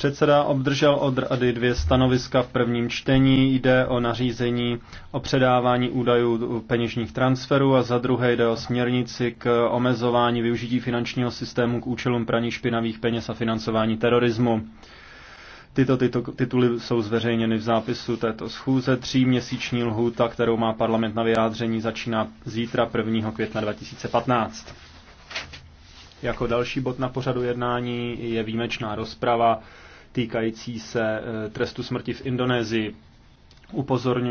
Předseda obdržel od rady dvě stanoviska v prvním čtení. Jde o nařízení o předávání údajů peněžních transferů a za druhé jde o směrnici k omezování využití finančního systému k účelům praní špinavých peněz a financování terorismu. Tyto, tyto tituly jsou zveřejněny v zápisu této schůze. Tříměsíční lhůta, kterou má parlament na vyjádření, začíná zítra 1. května 2015. Jako další bod na pořadu jednání je výjimečná rozprava týkající se eh, trestu smrti v Indonésii. Upozorňuji